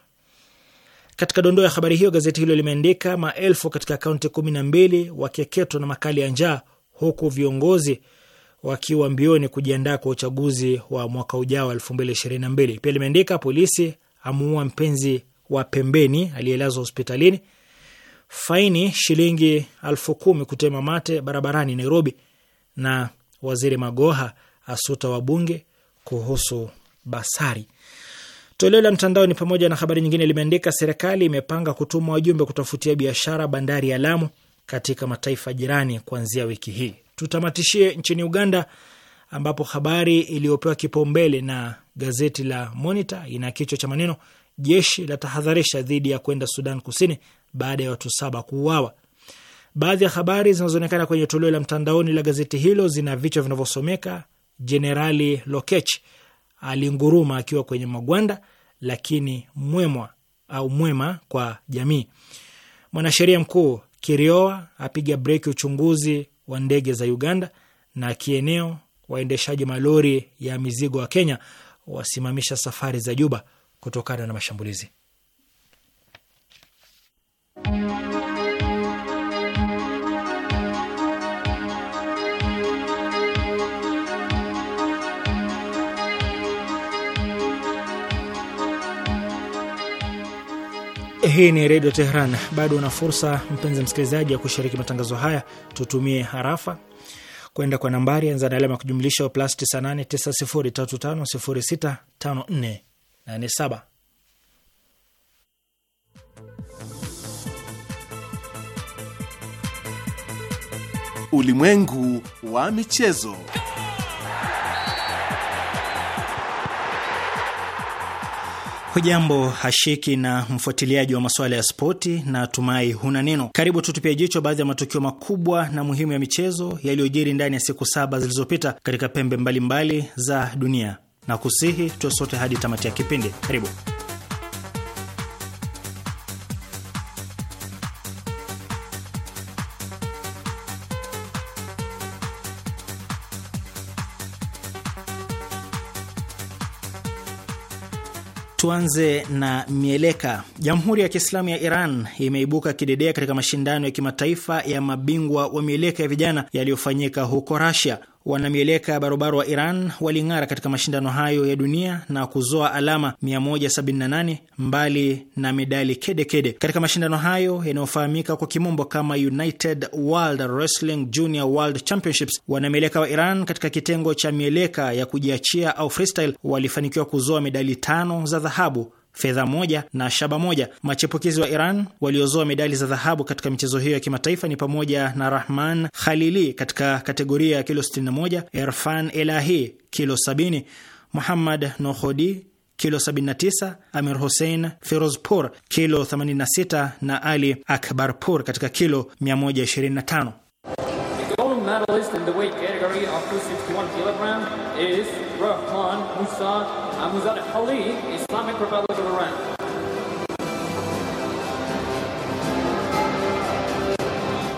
Speaker 1: Katika dondoo ya habari hiyo, gazeti hilo limeandika maelfu katika kaunti kumi na mbili wakeketwa na makali ya njaa, huku viongozi wakiwa mbioni kujiandaa kwa uchaguzi wa mwaka ujao elfu mbili ishirini na mbili. Pia limeandika polisi amuua mpenzi wa pembeni aliyelazwa hospitalini, faini shilingi elfu kumi kutema mate barabarani Nairobi, na waziri Magoha asuta wabunge kuhusu Basari. Toleo la mtandao ni pamoja na habari nyingine, limeandika serikali imepanga kutuma wajumbe kutafutia biashara bandari ya Lamu katika mataifa jirani kuanzia wiki hii. Tutamatishie nchini Uganda ambapo habari iliyopewa kipaumbele na gazeti la Monitor ina kichwa cha maneno jeshi la tahadharisha dhidi ya kwenda Sudan Kusini baada ya watu saba kuuawa. Baadhi ya habari zinazoonekana kwenye toleo la mtandaoni la gazeti hilo zina vichwa vinavyosomeka Jenerali Lokech alinguruma akiwa kwenye magwanda, lakini mwemwa au mwema kwa jamii. Mwanasheria mkuu Kirioa apiga breki uchunguzi wa ndege za Uganda, na kieneo waendeshaji malori ya mizigo wa Kenya wasimamisha safari za Juba kutokana na mashambulizi. Hii ni Redio Tehran. Bado una fursa mpenzi msikilizaji ya kushiriki matangazo haya, tutumie harafa kwenda kwa nambari anza na alama ya kujumlisha plus 989035065487. Ulimwengu wa michezo. Hujambo hashiki na mfuatiliaji wa masuala ya spoti, na tumai huna neno. Karibu tutupia jicho baadhi ya matukio makubwa na muhimu ya michezo yaliyojiri ndani ya siku saba zilizopita katika pembe mbalimbali mbali za dunia, na kusihi tuwe sote hadi tamati ya kipindi. Karibu. Tuanze na mieleka. Jamhuri ya Kiislamu ya Iran imeibuka kidedea katika mashindano ya kimataifa ya mabingwa wa mieleka ya vijana yaliyofanyika huko Rasia wanamieleka ya barobaro wa Iran waling'ara katika mashindano hayo ya dunia na kuzoa alama 178 mbali na medali kedekede kede. Katika mashindano hayo yanayofahamika kwa kimombo kama United World Wrestling Junior World Championships, wanamieleka wa Iran katika kitengo cha mieleka ya kujiachia au freestyle walifanikiwa kuzoa medali tano za dhahabu fedha moja na shaba moja. machepukizi wa Iran waliozoa medali za dhahabu katika michezo hiyo ya kimataifa ni pamoja na Rahman Khalili katika kategoria ya kilo 61, Erfan Elahi kilo 70, Muhammad Nohodi kilo 79, Amir Hussein Ferozpor kilo 86 na Ali Akbarpor katika kilo 125.
Speaker 3: Amuzad Khalid, Islamic Republic of Iran.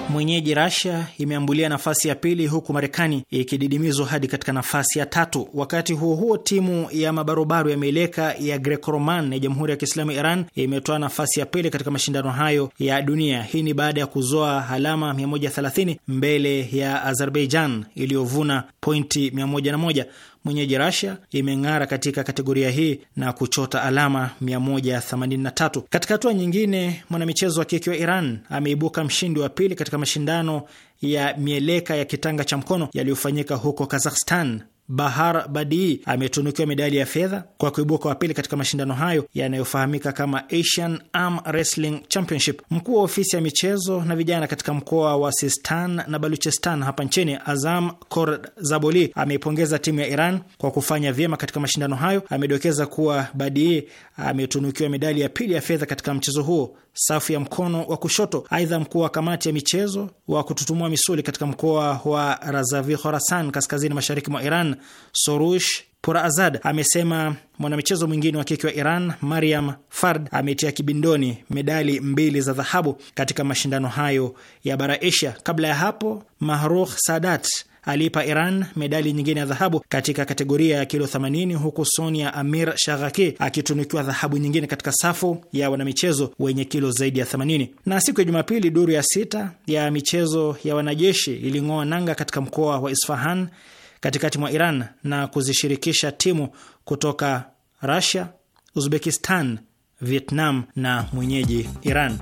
Speaker 1: Mwenyeji Rasia imeambulia nafasi ya pili huku Marekani ikididimizwa hadi katika nafasi ya tatu. Wakati huo huo, timu ya mabarobaro ya mieleka ya Greco-Roman ya Jamhuri ya Kiislamu ya Iran imetoa nafasi ya pili katika mashindano hayo ya dunia. Hii ni baada ya kuzoa alama 130 mbele ya Azerbaijan iliyovuna pointi 101 mwenyeji Rasia imeng'ara katika kategoria hii na kuchota alama 183. Katika hatua nyingine, mwanamichezo wa kike wa Iran ameibuka mshindi wa pili katika mashindano ya mieleka ya kitanga cha mkono yaliyofanyika huko Kazakhstan Bahar Badii ametunukiwa medali ya fedha kwa kuibuka wa pili katika mashindano hayo yanayofahamika kama Asian Arm Wrestling Championship. Mkuu wa ofisi ya michezo na vijana katika mkoa wa Sistan na baluchistan hapa nchini, Azam zaboli ameipongeza timu ya Iran kwa kufanya vyema katika mashindano hayo. Amedokeza kuwa Badii ametunukiwa medali ya pili ya fedha katika mchezo huo safu ya mkono wa kushoto. Aidha, mkuu wa kamati ya michezo wa kututumua misuli katika mkoa wa Razavi, Khorasan, kaskazini mashariki mwa Iran, Sorush Pura Azad amesema mwanamichezo mwingine wa kike wa Iran Mariam Fard ametia kibindoni medali mbili za dhahabu katika mashindano hayo ya bara Asia. Kabla ya hapo, Mahrukh Sadat aliipa Iran medali nyingine ya dhahabu katika kategoria ya kilo 80 huku Sonia Amir Shaghaki akitunukiwa dhahabu nyingine katika safu ya wanamichezo wenye kilo zaidi ya 80. Na siku ya Jumapili, duru ya sita ya michezo ya wanajeshi iling'oa nanga katika mkoa wa Isfahan katikati mwa Iran na kuzishirikisha timu kutoka Rusia, Uzbekistan, Vietnam na mwenyeji Iran.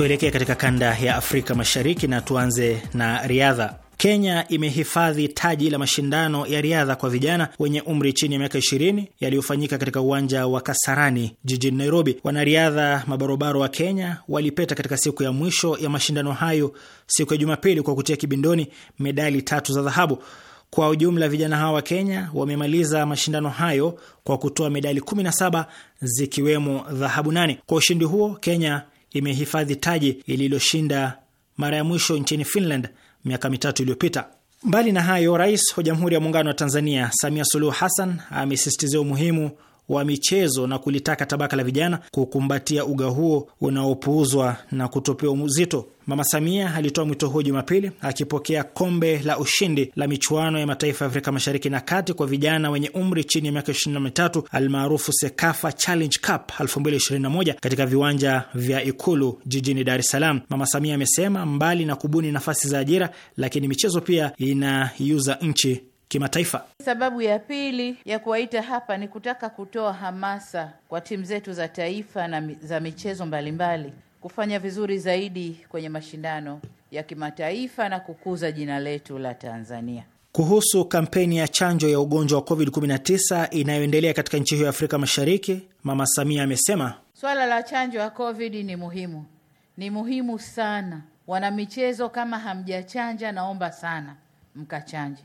Speaker 1: Tuelekee katika kanda ya Afrika Mashariki na tuanze na riadha. Kenya imehifadhi taji la mashindano ya riadha kwa vijana wenye umri chini ya miaka 20 yaliyofanyika katika uwanja wa Kasarani jijini Nairobi. Wanariadha mabarobaro wa Kenya walipeta katika siku ya mwisho ya mashindano hayo siku ya Jumapili kwa kutia kibindoni medali tatu za dhahabu. Kwa ujumla, vijana hawa wa Kenya wamemaliza mashindano hayo kwa kutoa medali 17 zikiwemo dhahabu nane. Kwa ushindi huo, Kenya imehifadhi taji ililoshinda mara ya mwisho nchini Finland miaka mitatu iliyopita. Mbali na hayo, Rais wa Jamhuri ya Muungano wa Tanzania Samia Suluhu Hassan amesisitizia umuhimu wa michezo na kulitaka tabaka la vijana kukumbatia uga huo unaopuuzwa na kutopewa uzito. Mama Samia alitoa mwito huo Jumapili akipokea kombe la ushindi la michuano ya mataifa ya Afrika Mashariki na Kati kwa vijana wenye umri chini ya miaka 23 almaarufu Sekafa Challenge Cup 2021 katika viwanja vya Ikulu jijini Dar es Salaam. Mama Samia amesema mbali na kubuni nafasi za ajira, lakini michezo pia inaiuza nchi kimataifa.
Speaker 4: Sababu ya pili ya kuwaita hapa ni kutaka kutoa hamasa kwa timu zetu za taifa na za michezo mbalimbali kufanya vizuri zaidi kwenye mashindano ya kimataifa na kukuza jina letu la Tanzania.
Speaker 1: Kuhusu kampeni ya chanjo ya ugonjwa wa COVID-19 inayoendelea katika nchi hiyo ya Afrika Mashariki, Mama Samia amesema
Speaker 4: swala la chanjo ya COVID ni muhimu, ni muhimu sana. Wanamichezo, kama hamjachanja, naomba sana mkachanje.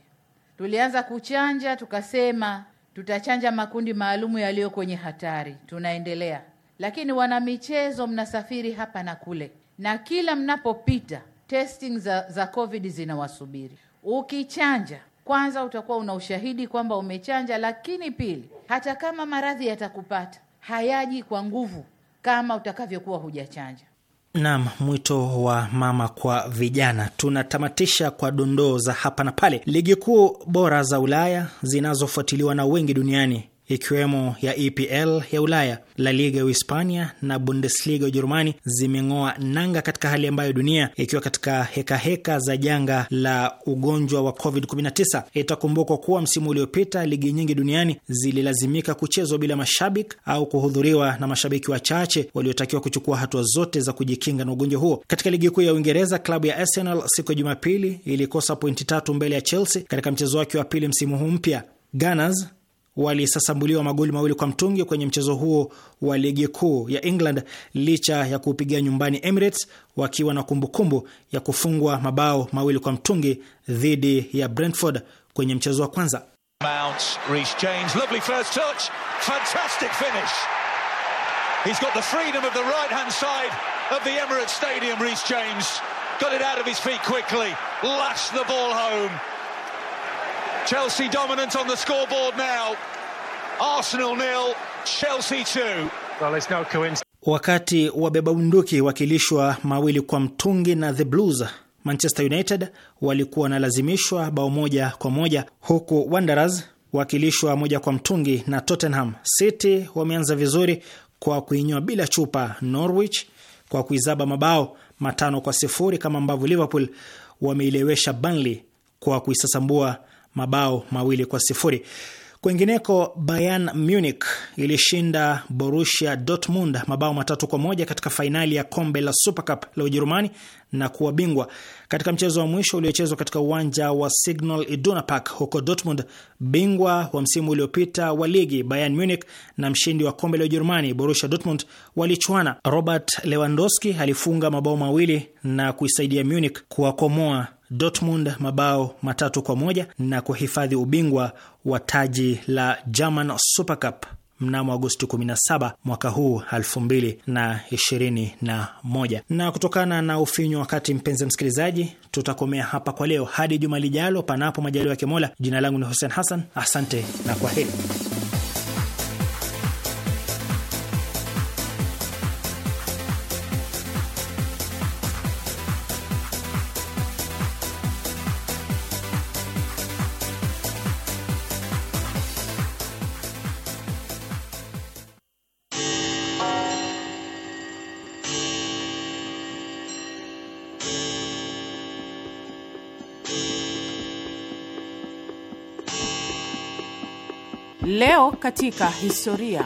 Speaker 4: Tulianza kuchanja, tukasema tutachanja makundi maalumu yaliyo kwenye hatari. Tunaendelea, lakini wana michezo mnasafiri hapa na kule, na kila mnapopita testing za, za covid zinawasubiri. Ukichanja kwanza, utakuwa una ushahidi kwamba umechanja, lakini pili, hata kama maradhi yatakupata hayaji kwa nguvu kama utakavyokuwa hujachanja.
Speaker 1: Nam, mwito wa mama kwa vijana. Tunatamatisha kwa dondoo za hapa na pale. Ligi kuu bora za Ulaya zinazofuatiliwa na wengi duniani ikiwemo ya EPL ya Ulaya, La Liga ya Uhispania na Bundesliga ya Ujerumani zimeng'oa nanga katika hali ambayo dunia ikiwa katika hekaheka heka za janga la ugonjwa wa COVID-19. Itakumbukwa kuwa msimu uliopita ligi nyingi duniani zililazimika kuchezwa bila mashabiki au kuhudhuriwa na mashabiki wachache waliotakiwa kuchukua hatua zote za kujikinga na ugonjwa huo. Katika ligi kuu ya Uingereza, klabu ya Arsenal siku ya Jumapili ilikosa pointi tatu mbele ya Chelsea katika mchezo wake wa pili msimu huu mpya. Gunners walisasambuliwa magoli mawili kwa mtungi kwenye mchezo huo wa ligi kuu ya England licha ya kuupigia nyumbani Emirates wakiwa na kumbukumbu kumbu ya kufungwa mabao mawili kwa mtungi dhidi ya Brentford kwenye mchezo wa kwanza.
Speaker 2: Mount,
Speaker 5: Chelsea dominant on the scoreboard now.
Speaker 2: Arsenal nil, Chelsea 2. Well, it's no coincidence.
Speaker 1: Wakati wabeba bunduki wakilishwa mawili kwa mtungi na the Blues, Manchester United walikuwa wanalazimishwa bao moja kwa moja huku Wanderers wakilishwa moja kwa mtungi na Tottenham. City wameanza vizuri kwa kuinywa bila chupa Norwich kwa kuizaba mabao matano kwa sifuri kama ambavyo Liverpool wameilewesha Burnley kwa kuisasambua mabao mawili kwa sifuri. Kwengineko, Bayern Munich ilishinda Borussia Dortmund mabao matatu kwa moja katika fainali ya kombe la Super la Ujerumani na kuwa bingwa. Katika mchezo wa mwisho uliochezwa katika uwanja wa Signal Iduna Park huko Dortmund, bingwa wa msimu uliopita wa ligi Bayern Munich na mshindi wa kombe la Ujerumani Borussia Dortmund walichuana. Robert Lewandowski alifunga mabao mawili na kuisaidia Munich kuwakomoa Dortmund mabao matatu kwa moja na kuhifadhi ubingwa wa taji la German Super Cup mnamo Agosti 17 mwaka huu 2021. Na, na kutokana na ufinywa wakati, mpenzi msikilizaji, tutakomea hapa kwa leo hadi juma lijalo, panapo majaliwa ya Mola. Jina langu ni Hussein Hassan, asante na kwa heri.
Speaker 4: Leo katika historia.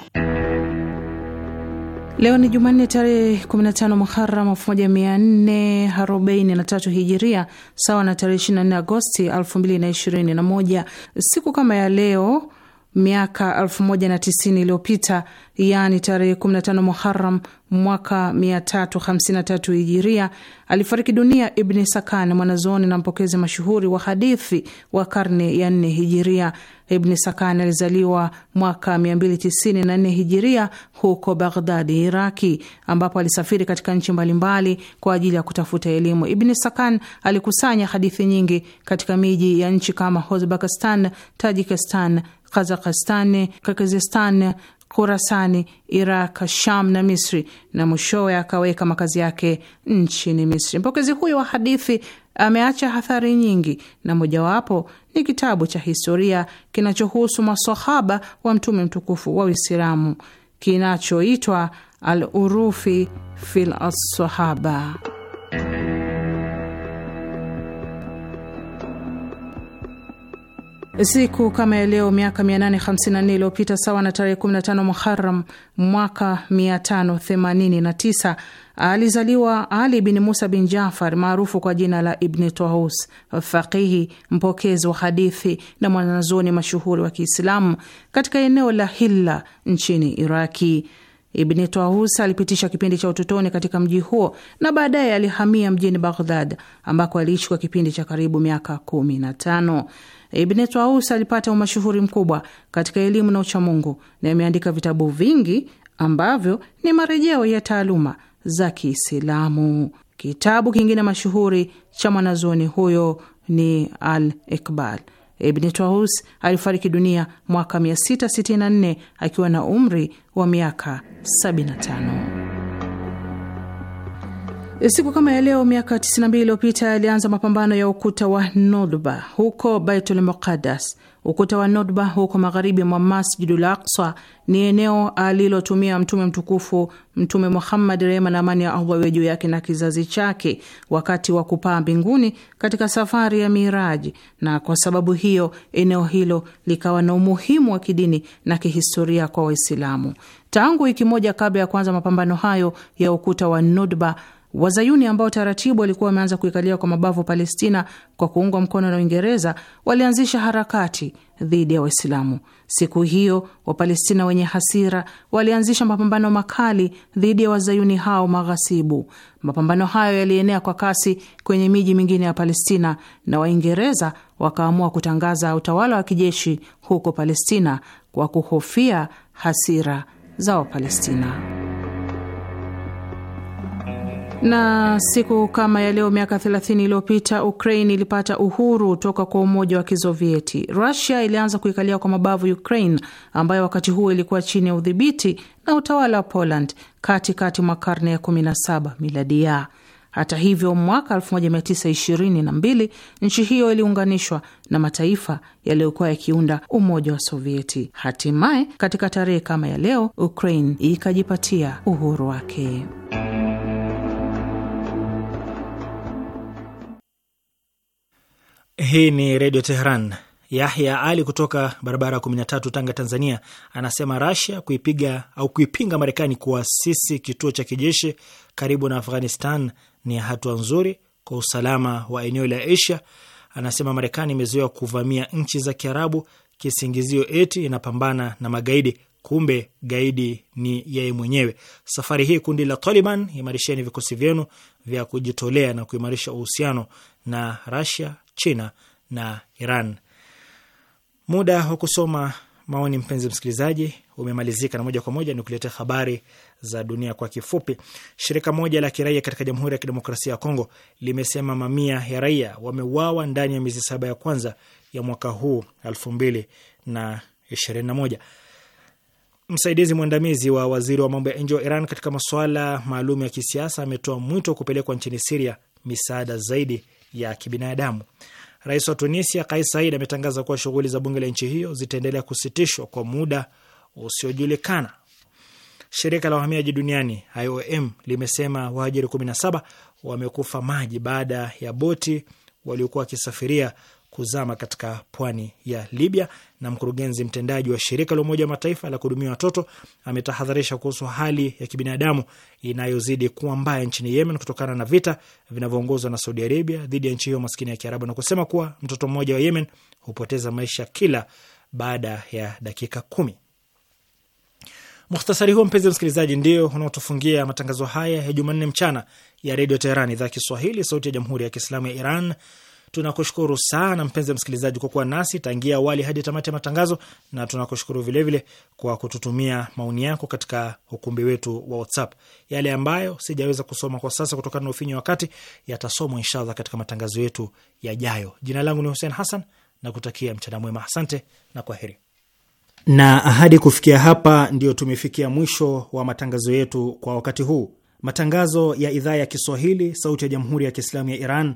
Speaker 4: Leo ni Jumanne tarehe 15 Muharam 1443 Hijiria, sawa na tarehe 24 Agosti 2021. Siku kama ya leo miaka 1090 iliyopita, yaani tarehe 15 Muharam mwaka 353 Hijiria, alifariki dunia Ibni Sakan, mwanazuoni na mpokezi mashuhuri wa hadithi wa karne ya 4 Hijiria. Ibni Sakan alizaliwa mwaka 294 Hijiria huko Baghdadi, Iraki, ambapo alisafiri katika nchi mbalimbali kwa ajili ya kutafuta elimu. Ibni Sakan alikusanya hadithi nyingi katika miji ya nchi kama Uzbekistan, Tajikistan Kazakastani, Kirgizistani, Kurasani, Iraq, Sham na Misri, na mwishowe akaweka makazi yake nchini Misri. Mpokezi huyo wa hadithi ameacha hathari nyingi, na mojawapo ni kitabu cha historia kinachohusu masahaba wa Mtume mtukufu wa Uislamu kinachoitwa Al Urufi fil Assahaba. Siku kama ya leo miaka 854 iliyopita sawa na tarehe 15 Muharram mwaka 589 alizaliwa Ali bin Musa bin Jafar maarufu kwa jina la Ibni Tawus, faqihi mpokezi wa hadithi na mwanazoni mashuhuri wa Kiislamu katika eneo la Hilla nchini Iraki. Ibni Tawus alipitisha kipindi cha utotoni katika mji huo na baadaye alihamia mjini Baghdad ambako aliishi kwa kipindi cha karibu miaka 15. Ibn Tawus alipata umashuhuri mkubwa katika elimu na uchamungu na ameandika vitabu vingi ambavyo ni marejeo ya taaluma za Kiislamu. Kitabu kingine mashuhuri cha mwanazuoni huyo ni Al Ikbal. Ibn alifariki dunia mwaka 664 akiwa na umri wa miaka 75. Siku kama ya leo miaka 92 iliyopita yalianza mapambano ya ukuta wa Nodba huko Baitul Muqaddas. Ukuta wa Nodba huko magharibi mwa Masjidul Aqsa ni eneo alilotumia Mtume mtukufu Mtume Muhammad, rehema na amani ya Allah juu yake na kizazi chake, wakati wa kupaa mbinguni katika safari ya Miraji, na kwa sababu hiyo eneo hilo likawa na umuhimu wa kidini na kihistoria kwa Waislamu. Tangu wiki moja kabla ya kuanza mapambano hayo ya ukuta wa Nodba Wazayuni ambao taratibu walikuwa wameanza kuikalia kwa mabavu Palestina kwa kuungwa mkono na Uingereza walianzisha harakati dhidi ya Waislamu. Siku hiyo Wapalestina wenye hasira walianzisha mapambano makali dhidi ya wazayuni hao maghasibu. Mapambano hayo yalienea kwa kasi kwenye miji mingine ya Palestina na Waingereza wakaamua kutangaza utawala wa kijeshi huko Palestina kwa kuhofia hasira za Wapalestina. Na siku kama ya leo miaka 30 iliyopita Ukraine ilipata uhuru toka kwa Umoja wa Kisovieti. Rusia ilianza kuikalia kwa mabavu Ukraine ambayo wakati huo ilikuwa chini ya udhibiti na utawala wa Poland katikati mwa karne ya 17 miladia. Hata hivyo, mwaka 1922 nchi hiyo iliunganishwa na mataifa yaliyokuwa yakiunda Umoja wa Sovieti. Hatimaye katika tarehe kama ya leo Ukraine ikajipatia uhuru wake.
Speaker 1: Hii ni Redio Teheran. Yahya Ali kutoka barabara ya 13 Tanga, Tanzania, anasema Rasia kuipiga au kuipinga Marekani kuasisi kituo cha kijeshi karibu na Afghanistan ni hatua nzuri kwa usalama wa eneo la Asia. Anasema Marekani imezoea kuvamia nchi za Kiarabu kisingizio eti inapambana na magaidi, kumbe gaidi ni yeye mwenyewe. Safari hii kundi la Taliban, imarisheni vikosi vyenu vya kujitolea na kuimarisha uhusiano na Rasia China na Iran. Muda wa kusoma maoni, mpenzi msikilizaji, umemalizika na moja kwa moja ni kuletea habari za dunia kwa kifupi. Shirika moja la kiraia katika Jamhuri ya Kidemokrasia ya Kongo limesema mamia ya raia wameuawa ndani ya miezi saba ya kwanza ya mwaka huu elfu mbili na ishirini na moja. Msaidizi mwandamizi wa waziri wa mambo ya nje wa Iran katika masuala maalum ya kisiasa ametoa mwito wa kupelekwa nchini Siria misaada zaidi ya kibinadamu. Rais wa Tunisia Kais Said ametangaza kuwa shughuli za bunge la nchi hiyo zitaendelea kusitishwa kwa muda usiojulikana. Shirika la wahamiaji duniani IOM limesema wahajiri 17 wamekufa maji baada ya boti waliokuwa wakisafiria kuzama katika pwani ya Libya. Na mkurugenzi mtendaji wa shirika la Umoja wa Mataifa la kuhudumia watoto ametahadharisha kuhusu hali ya kibinadamu inayozidi kuwa mbaya nchini Yemen kutokana na vita vinavyoongozwa na Saudi Arabia dhidi ya nchi hiyo maskini ya Kiarabu, na kusema kuwa mtoto mmoja wa Yemen hupoteza maisha kila baada ya dakika kumi. Mukhtasari huo mpenzi msikilizaji, ndio unaotufungia matangazo haya ya Jumanne mchana ya Redio Teherani, idhaa Kiswahili, sauti ya Jamhuri ya Kiislamu ya Iran Tunakushukuru sana mpenzi msikilizaji kwa kuwa nasi tangia awali hadi tamati ya matangazo, na tunakushukuru vilevile kwa kututumia maoni yako katika ukumbi wetu wa WhatsApp. Yale ambayo sijaweza kusoma kwa sasa kutokana na ufinyu wa wakati yatasomwa inshallah katika matangazo yetu yajayo. Jina langu ni Hussein Hassan na kutakia mchana mwema. Asante na heri. na ahadi. Kufikia hapa, ndiyo tumefikia mwisho wa matangazo yetu kwa wakati huu. Matangazo ya idhaa ya Kiswahili, Sauti ya Jamhuri ya Kiislamu ya Iran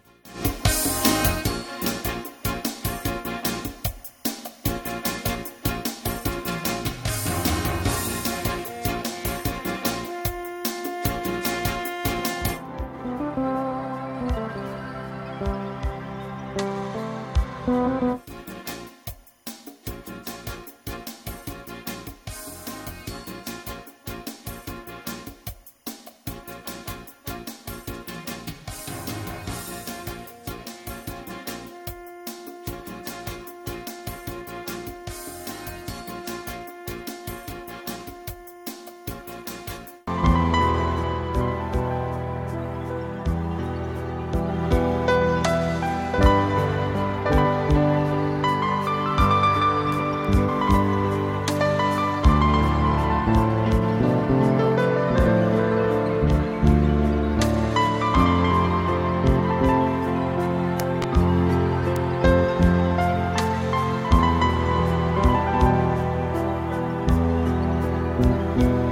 Speaker 5: Thank you.